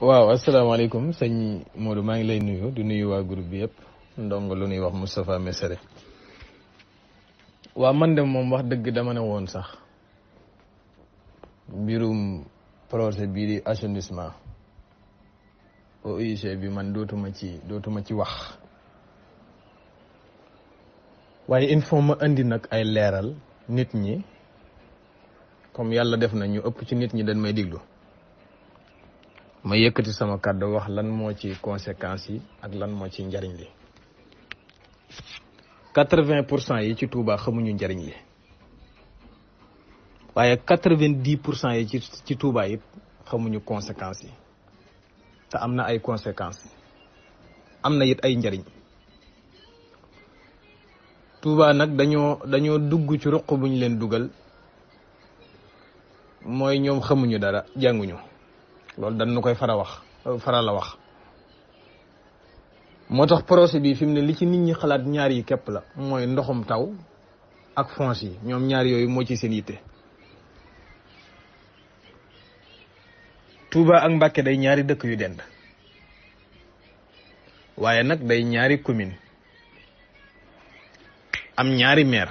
waaw asalaamaaleykum sëñ Modou maa ngi lay nuyu di nuyu waa group bi yëpp ndongo lu ñuy wax Moustapha Messere waa man de moom wax dëgg dama ne woon sax mbirum projet bii di assainissement OUG bi man dootuma ci dootuma ci wax waaye il ma indi nag ay leeral nit ñi comme yàlla def na ñu ëpp ci nit ñi dañ may diglu ma yëkkati sama kàddu wax lan moo ci conséquences yi ak lan moo ci njariñ li quatre-vingt pour cent yi ci Touba xamuñu njariñ li waaye quatre-vingt-dix pour cent yi ci ci Touba yëpp xamuñu conséquences yi te am na ay conséquences am na it ay njariñ Touba nag dañoo dañoo dugg ci ruq bu ñu leen dugal mooy ñoom xamuñu dara jànguñu loolu dañ nu koy fara wax faral la wax moo tax projet bii fi mu ne li ci nit ñi xalaat ñaari yi képp la mooy ndoxum taw ak fonce yi ñoom ñaari yooyu moo ci seen yitte Touba ak Mbàkke day ñaari dëkk yu dend waaye nag day ñaari commune am ñaari meer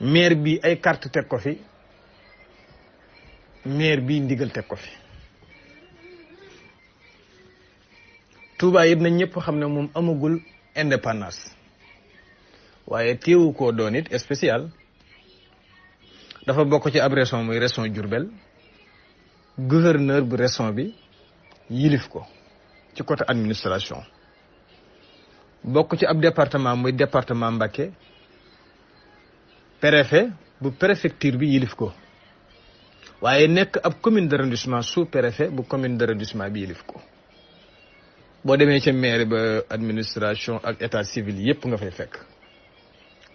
maire bi ay carte teg ko fi maire bi ndigal teg ko fi Touba yëpp nañ ñëpp xam ne moom amagul indépendance waaye téewu ko doonit it spécial dafa bokk ci ab région muy région Diourbel gouverneur bu région bi yilif ko ci côté administration bokk ci ab département muy département Mbacké préfet bu préfecture bi yilif ko waaye nekk ab commune d'arrondissement sous préfet bu commune d'arrondissement bi yilif ko boo demee ca maire ba administration ak état civil yépp nga fay fekk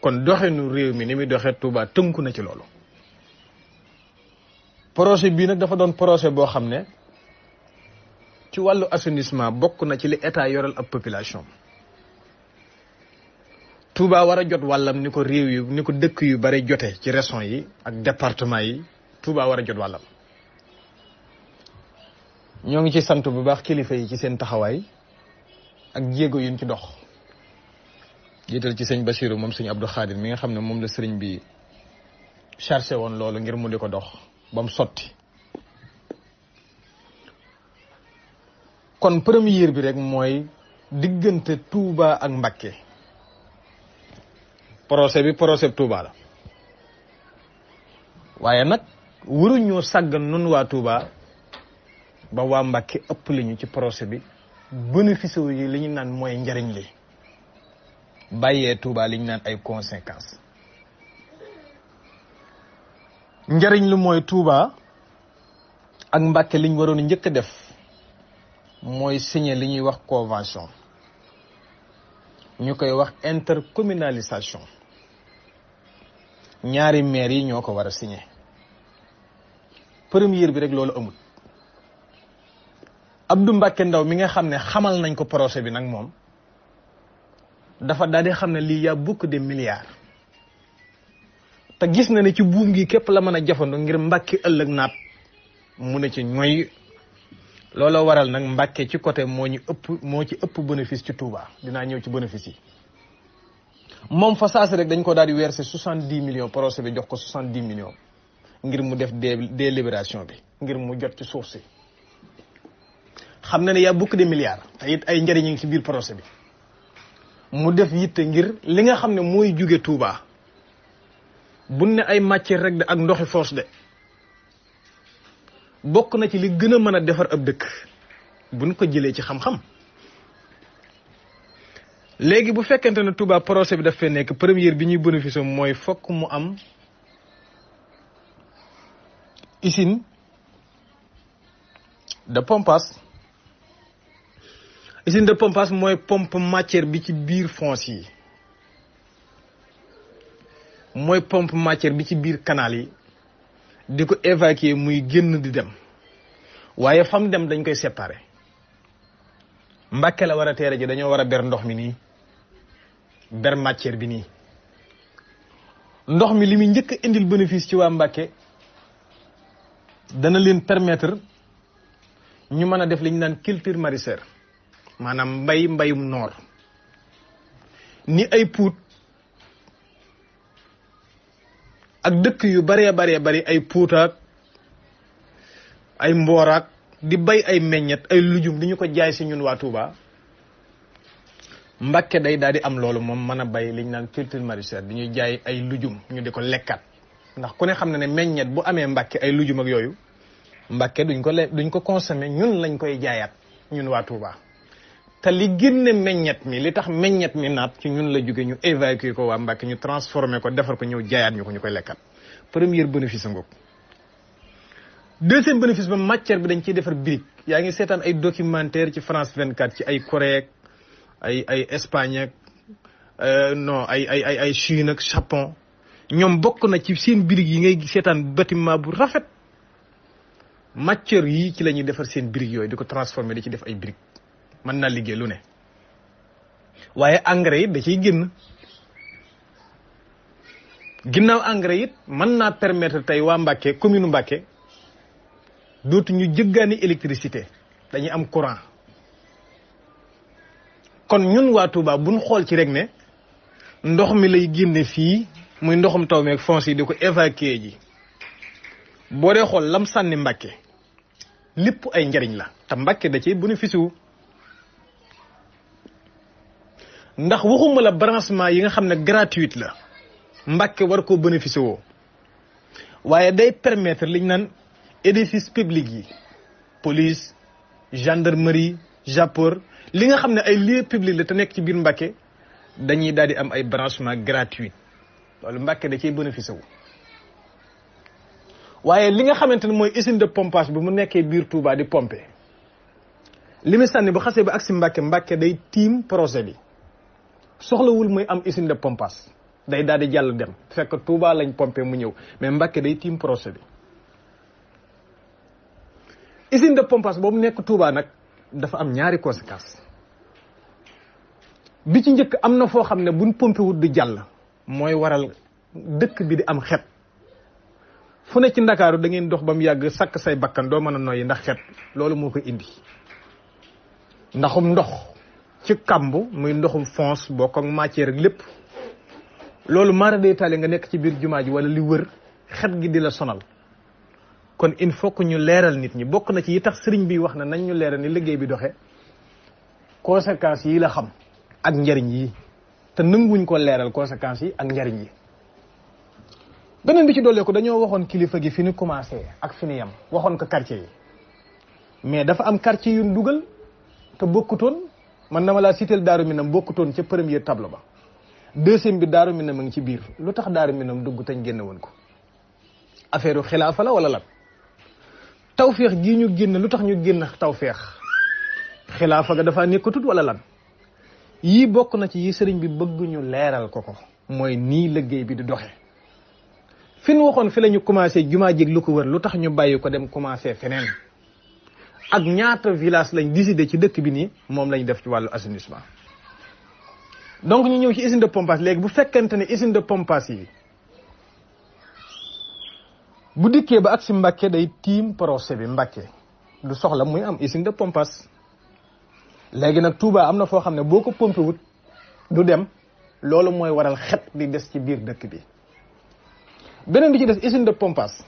kon doxe nu réew mi ni muy doxee Touba tënku na ci loolu projet bii nag dafa doon projet boo xam ne ci wàllu assainissement bokk na ci li état yoral ab population Touba war a jot wàllam ni ko réew yu ni ko dëkk yu bare jote ci régions yi ak département yi Touba war a jot wàllam ñoo ngi ci sant bu baax kilifa yi ci seen taxawaay ak jéego yuñ ci dox jiital ci sëñ Basiru moom sëñ Abdou Khadir mi nga xam ne moom la sëriñ bi chargé woon loolu ngir mu di ko dox ba mu sotti kon première bi rek mooy diggante Touba ak Mbacké projet bi projet Touba la waaye nag waruñoo sàggan nun waa Touba ba waa Mbàkke ëpp lañu ci procès bi bénéfice yi li ñu naan mooy njariñ li bàyyee Touba li naan ay conséquences njariñ li mooy Touba ak Mbàkke liñ waroon njëkk a def mooy signé li ñuy wax convention ñu koy wax intercommunalisation ñaari maire yi ñoo ko war a signé première bi rek loolu amul Abdou Mbacke Ndaw mi nga xam ne xamal nañ ko procès bi nag moom dafa daal di xam ne lii yaa beaucoup de milliards te gis na ne ci buum gi képp la mën a jafando ngir Mbacke ëllëg naat mu ne ci ñooy looloo waral nag Mbacke ci côté moo ñu ëpp moo ci ëpp bénéfice ci Touba dinaa ñëw ci bénéfice yi moom fa saasi rek dañ ko daal di verser soixante dix millions procès bi jox ko soixante dix millions. ngir mu def délibération bi ngir mu jot ci suuf si xam na ne yaa beaucoup de milliards te it ay njëriñ ngi ci biir projet bi mu def yitte ngir li nga xam ne mooy jóge Touba bu ne ay matière rek de ak ndoxi force de bokk na ci li gën a mën a defar ab dëkk bu buñ ko jëlee ci xam-xam léegi bu fekkente ne Touba projet bi daf fee nekk première bi ñuy bénéficier mooy fokk mu am usine de pompas usine de pompage mooy pompe matière bi ci biir fosse yi mooy pomp matière bi ci biir kanaal yi di ko évacuer muy génn di dem waaye fam dem dañ koy séparer Mbàkke la war a teere ji dañoo war a ber ndox mi nii ber matière bi nii ndox mi li muy njëkk indil bénéfice ci waa Mbàkke dana leen permettre ñu mën a def li ñu naan culture maraîchère maanaam mbay mbayum noor ni ay puut ak dëkk yu baree baree bari ay puutaak ay mbooraak di bay ay meññet ay lujum di ñu ko jaay si ñun waa Touba Mbàkke day daal di am loolu moom mën a bay li ñu naan culture maraîchère di ñuy jaay ay lujum ñu di ko lekkat ndax ku ne xam na ne meññet bu amee mbàkke ay lujum ak yooyu mbàkke duñ ko le duñ ko consommer ñun lañ koy jaayaat ñun waa Touba. te li génne meññet mi li tax meññet mi naat ci ñun la jóge ñu évacuer ko waa Mbàkke ñu transformer ko defar ko ñëw jaayaat ñu ko ñu koy lekkat premier bénéfice ngoog deuxième bénéfice ba matière bi dañ ciy defar brique yaa ngi seetaan ay documentaire ci France 24 ci ay Corée ay ay Espagne ak euh, non ay ay ay Chine ñoom bokk na ci seen birig yi ngay seetaan bâtiment bu rafet matière yi ci lañuy ñuy defar seen birig yooyu di ko transformer di ci def ay birig mën naa liggéey lu ne waaye engrais yi da ciy génn ginnaaw engrais it mën naa permettre tey waa Mbacke commune Mbacke dootu ñu jëggaani électricité dañuy am courant kon ñun waa bu buñ xool ci rek ne ndox mi lay génne fii muy ndoxum taw meeg fonce yi di ko évacuer ji boo dee xool lam sànni Mbàkke lépp ay njariñ la te Mbàkke da ciy bénéfice wu ndax waxuma la branchement yi nga xam ne gratuite la Mbàkke war ko bénéfice woo waaye day permettre liñ naan édifice public yi police gendarmerie japor li nga xam ne ay lieu public la te nekk ci biir Mbàkke dañuy daal di am ay branchement gratuite loolu Mbàkke da ciy bénéficié wu waaye li nga xamante ne mooy usine de pompage bi mu nekkee biir Touba di pompe li mu sànni bu xasee ba agsi Mbàkke Mbàkke day tiim projet bi soxlawul muy am usine de pompage day daal di jàll dem fekk Touba lañ pompe mu ñëw mais Mbàkke day tiim projet bi usine de pompage boobu nekk Touba nag dafa am ñaari conséquence bi ci njëkk am na foo xam ne buñ pompé wut du jàll mooy waral dëkk bi di am xet fu ne ci ndakaaru da ngeen dox ba mu yàgg sakk say bakkan doo mën a noyyi ndax xet loolu moo ko indi ndaxum ndox ci kàmb muy ndoxum fons bokk ak matière ak lépp loolu mara day taale nga nekk ci biir jumaa ji wala li wër xet gi di la sonal kon il faut que ñu leeral nit ñi bokk na ci yi tax sëriñ bi wax na nañ ñu leeral ni liggéey bi doxe conséquences yi la xam ak njariñ yi te nanguñ ko leeral conséquences yi ak njariñ yi beneen bi ci dollee ko dañoo waxoon kilifa gi fi ñu commencé ak fi ñu yem waxoon ko quartier yi mais dafa am quartier yu dugal te bokkutoon man na ma laa citeel Daaru nam bokkutoon ca premier table ba deuxième bi Daaru Minam a ngi ci biir lu tax Daaru Minam dugg tañ génne woon ko affaire u xilaafa la wala lan tawféex gii ñu génn lu tax ñu génn tawféex xilaafa ga dafa nekkatut wala lan yii bokk na ci yi sëriñ bi bëgg ñu leeral ko ko mooy nii liggéey bi di doxe fi nu waxoon fi la ñu commencé jumaa jég lu ko wër lu tax ñu bàyyi ko dem commencé feneen ak ñaata village lañ décidé ci dëkk bi nii moom lañ def ci wàllu assainissement donc ñu ñëw ci usine de pompage léegi bu fekkente ne usine de pompage yi bu dikkee ba ak si Mbàkke day tiim procès bi Mbàkke du soxla muy am usine de pompage léegi nag Touba am na foo xam ne boo ko pompé wut du dem loolu mooy waral xet di des ci biir dëkk bi beneen bi ci des usine de pompage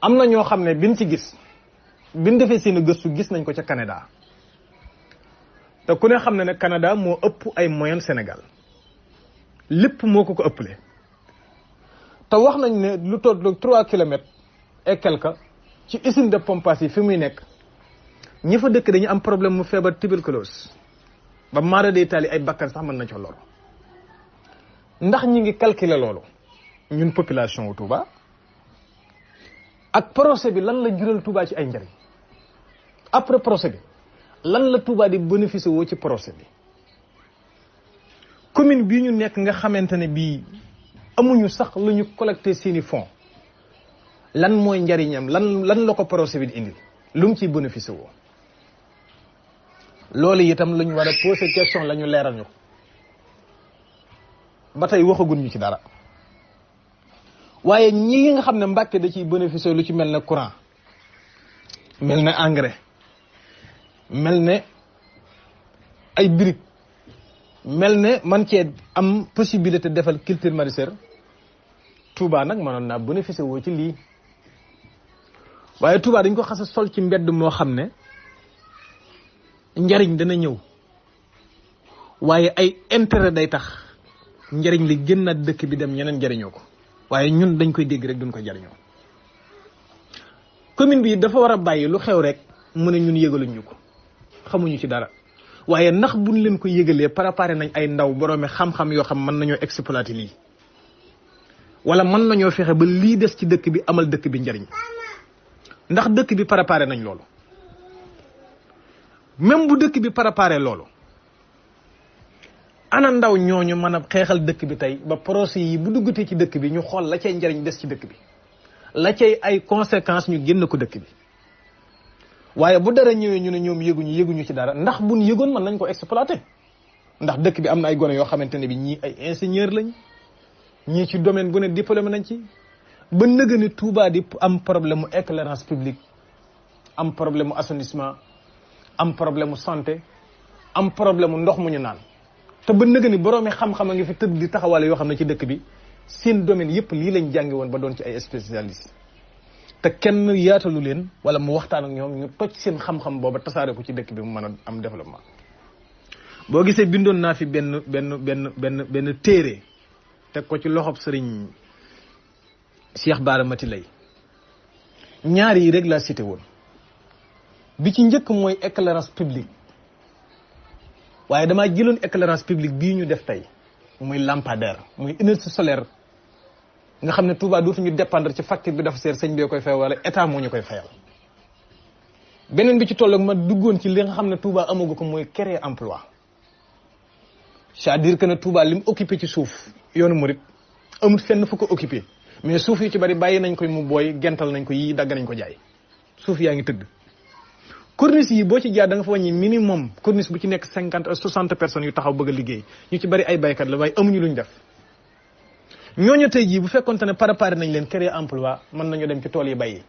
am na ñoo xam ne biñ ci gis biñ defee seen gëstu gis nañ ko ca Canada te ku ne xam ne ne Canada moo ëpp ay moyen Sénégal lépp moo ko ko ëppale te wax nañ ne lu toll trois kilomètres et quelque ci usine de pompage yi fi muy nekk ñi fa dëkk dañu am problème mu feebar tuberculose ba maara day taali ay bakkan sax mën na ca lor ndax ñu ngi calculer loolu ñun population wu Touba ak procès bi lan la jural Touba ci ay njariñ après procès bi lan la Touba di bénéficier woo ci procès bi commune bii ñu nekk nga xamante ne bii amuñu sax lañu ñu collecté seeni fonds lan mooy njariñam lan lan la ko procès bi di indi lum mu ciy woo loolu itam lañu ñu war a posé question la ñu ba tey waxagun ñu ci dara waaye ñi nga xam ne Mbàkke da ciy bénéficier lu ci mel ne courant mel ne engrais mel ne ay briques mel ne man cee am possibilité defal culture maraîchère Touba nag mënoon naa bénéficier woo ci lii waaye Touba dañ ko xas sol ci mbedd moo xam ne. njariñ dana ñëw waaye ay intérêt day tax njariñ li génnaat dëkk bi dem ñeneen jariñoo ko waaye ñun dañ koy dégg rek duñ ko jariñoo commune bi dafa war a bàyyi lu xew rek mu ne ñun yëgaluñ ñu ko xamuñu ci dara waaye ndax buñ leen ko yëgalee préparé nañ ay ndaw boroomi xam-xam yoo xam mën nañoo exploiter lii wala mën nañoo fexe ba lii des ci dëkk bi amal dëkk bi njariñ ndax dëkk bi préparé nañ loolu même bu dëkk bi préparé loolu ana ndaw ñooñu mën a xeexal dëkk bi tey ba procès yi bu duggutee ci dëkk bi ñu xool la cay njariñ des ci dëkk bi la cay ay conséquences ñu génn ko dëkk bi waaye bu dara ñëwee ñu ne ñoom yëguñu yëguñu ci dara ndax buñ yëgoon mën nañ ko exploité ndax dëkk bi am na ay gone yoo xamante ne bi ñii ay ingénieur lañ ñii ci domaine bu ne diplôme nañ ci ba nëgëni tuubaa di am problème mu éclairance publique am problème mu assainissement am problème mu santé am problème mu ndox mu ñu naan te ba nëga ni boroomi xam-xam a ngi fi tëdd di taxawale yoo xam ne ci dëkk bi seen domaine yëpp lii lañ jàngi woon ba doon ci ay spécialiste te kenn yaatalu leen wala mu waxtaan ak ñoom ñu toj seen xam-xam booba tasaare ko ci dëkk bi mu mën a am développement boo gisee bindoon naa fi benn benn benn benn benn téere teg ko ci loxob sëriñ Cheikh Baara Mati lay ñaar yi rek laa cité woon bi ci njëkk mooy éclairage public waaye damaa jëloon éclairage public bii ñu def tey muy lampadaire mooy énergie solaire nga xam ne Touba dootuñu dépendre ci facture bi dafa seer sëñ bee koy fay wala état moo ñu koy fayal. beneen bi ci tolloog ma duggoon ci li nga xam ne Touba amagu ko mooy créer emploi c'est-à-dire que ne Touba li mu occupé ci suuf yoonu murit amul fenn fu ko occupé mais suuf yi ci bari bàyyi nañ koy mu booy gental nañ ko yii dagg nañ ko jaay suuf yaa ngi tëdd. corniche yi boo ci jaar da nga fa wàññi minimum corniche bu ci nekk cinquante à soixante personnes yu taxaw bëgg a liggéey ñu ci bari ay baykat la waaye amuñu luñ def ñooñu tey jii bu fekkonte ne préparé nañ leen créer emploi mën nañu dem ci tool yi bay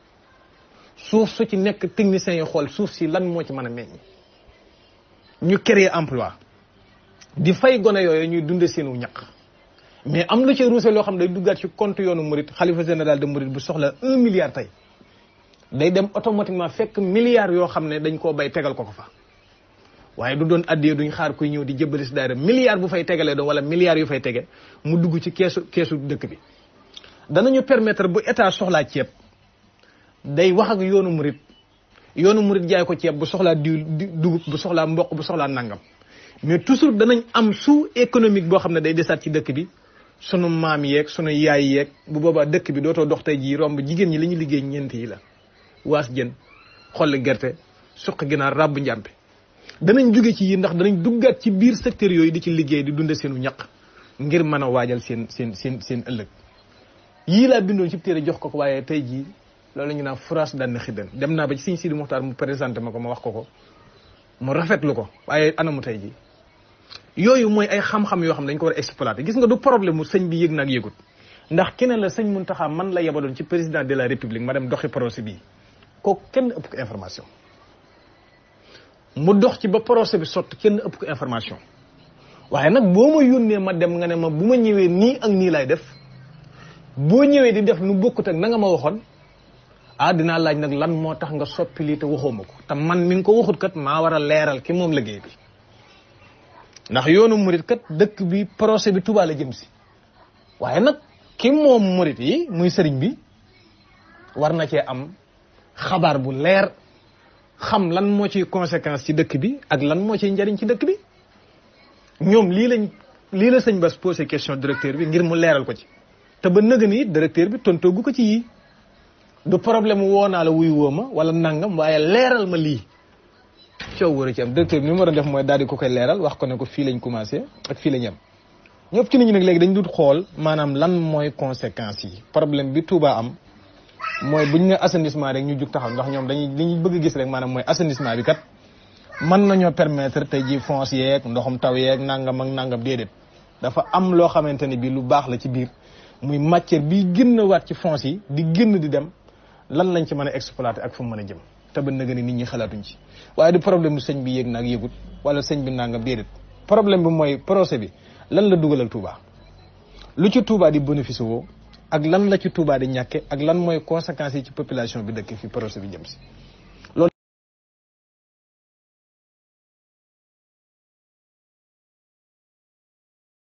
suuf su ci nekk techniciens yi xool suuf si lan moo ci mën a meññ ñu créer emploi di fay gone yooyu ñuy dunde seenu ñaq mais am lu ci ruuse loo xam day duggaat ci compte yoonu murit xalifa général de murit bu soxla un tey day dem automatiquement fekk milliards yoo xam ne dañ koo bay tegal ko ko fa waaye du doon addiyee duñ xaar kuy ñëw di jëbbali si daayira milliards bu fay tegalee doon wala milliards yu fay tege mu dugg ci keesu keesu dëkk bi dana ñu permettre bu état soxlaa ceeb day wax ak yoonu murit yoonu murit jaay ko ceeb bu soxlaa diw dugub bu soxlaa mboq bu soxlaa nangam mais toujours danañ am sous économique boo xam ne day desaat ci dëkk bi sunu maam yeeg sunu yaay yeeg bu boobaa dëkk bi dootoo dox tey jii romb jigéen ñi li ñu liggéey ñeent yi la waas jën xolli gerte suq ginaar ràbb njàmpe danañ jóge ci yi ndax danañ duggaat ci biir secteur yooyu di ci liggéey di dunde seenu ñaq ngir mën a waajal seen seen seen seen ëllëg yii laa bindoon ci téere jox ko ko waaye tey jii loolu ñu naan France daan na xiddan dem naa ba ci Sëñ Sidi Muxtaar mu présenté ma ko ma wax ko ko mu rafetlu ko waaye anamu tey jii yooyu mooy ay xam-xam yoo xam dañ ko war a exploité gis nga du problème mu sëñ bi yëg na ak yëgut ndax keneen la sëñ Muntaxa man la yebaloon ci président de la république ma dem doxi projet bii kooku kenn ëpp ko information mu dox ci ba procès bi sot kenn ëpp ko information waaye nag boo ma yónnee ma dem nga ne ma bu ma ñëwee nii ak nii lay def boo ñëwee di def nu bokkut ak na nga ma waxoon ah laaj nag lan moo tax nga soppi lii te waxoo ma ko te man mi nga ko waxut kat maa war a leeral ki moom liggéey bi ndax yoonu murit kat dëkk bi procès bi tubaal la jëm si waaye nag ki moom murit yi muy sëriñ bi war na cee am xabaar bu leer xam lan moo ciy conséquence ci dëkk bi ak lan moo ciy njariñ ci dëkk bi ñoom lii lañ lii la sañ Bass posé question directeur bi ngir mu leeral ko ci te ba nëga ni directeur bi tontoogu ko ci yii du problème woo naa la wuy woo ma wala nangam waaye leeral ma lii coow war a ci am directeur bi ni mu war a def mooy daal di ko koy leeral wax ko ne ko fii lañ commencé ak fii lañ am ñëpp ci nit ñi nag léegi dañ dut xool maanaam lan mooy conséquence yi problème bi Touba am mooy buñ ne assainissement rek ñu jug taxaw ndax ñoom dañuy li ñu bëgg gis rek maanaam mooy assainissement bi kat mën nañoo permettre tey ji fonce yeeg ndoxum taw yeeg nangam ak nangam déedéet dafa am loo xamante ne bi lu baax la ci biir muy matière bi génn waat ci fonce yi di génn di dem lan lañ ci mën a exploiter ak fu mu mën a jëm te ba nëgë ni nit ñi xalaatuñ ci waaye du problème mu sëñ bi yéeg nag yëgut wala sëñ bi nangam déedéet problème bi mooy procès bi lan la dugalal Touba lu ci Touba di bénéfice woo ak lan la ci Touba di ñàkke ak lan mooy conséquences yi ci population bi dëkk fi projet bi jëm si